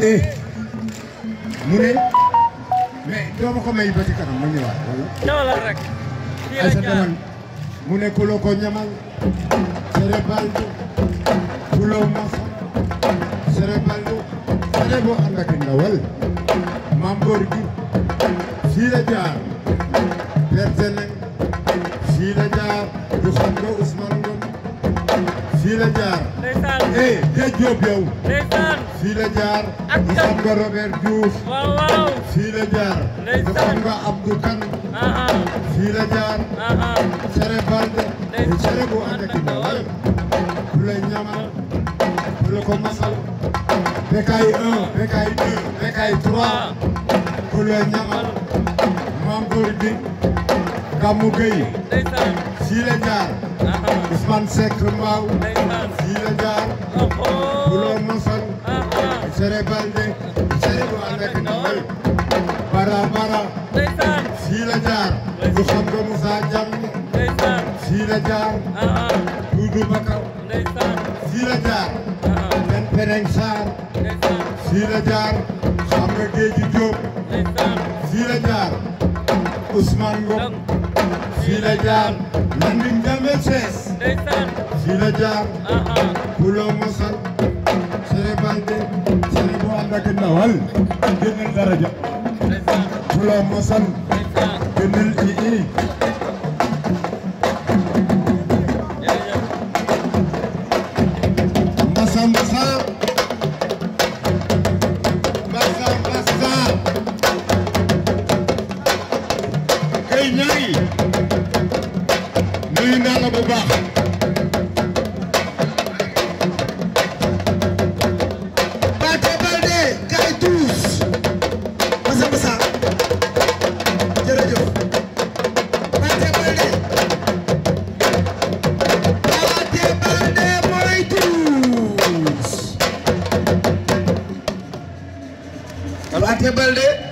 eh mu ne mais doo ko may ba ci kanam ma ñëwaat mu ne ku ko ñamal. Sere Baldu. ku la masa. Sere Baldu. Sere boo ànd ak ndawal. Maam Góor gi. fii fii la jaar. ndeysaan eh géej eh, Diop yow. ndeysaan fii la jaar. ak tam xam nga Robert Diouf. waaw waaw fii la jaar. ndeysaan xam nga Abdou Kane. Ah, ah. fii la jaar. Sere ah, Balde. ndeysaan Sere bu ànd ak ndawal. bu la ñamal bu la ko masal. Bécaye 1 Bécaye 2 Bécaye 3. bu la ñamal. Mame Gorgui. Gamou Gueye. ndeysaan. fii la jaar Ousmane Seck Mbao fii la jaar Bulo Moussane Sere Balde Sere bu ànd ak ndawal bara bara fii la jaar lu xam nga Moussa Diagne fii jaar Doudou Bakar fii jaar Ben Peneng Sarr fii la jaar xam nga Géji Diop jaar Ousmane Ngom fii la jaar Landing Jambe Cees fii la jaar uh-huh. ku loo mosal sere bande sere bu ànd ak ndawal génnal daraja ku loo mosal génnal ii Hey, Nani! bëgg naa la bu baax. Pathé Baldé kay tuus. Massa Massa jërëjëf. Pathé Baldé. Pathé Baldé mooy tuus. Pathé Baldé.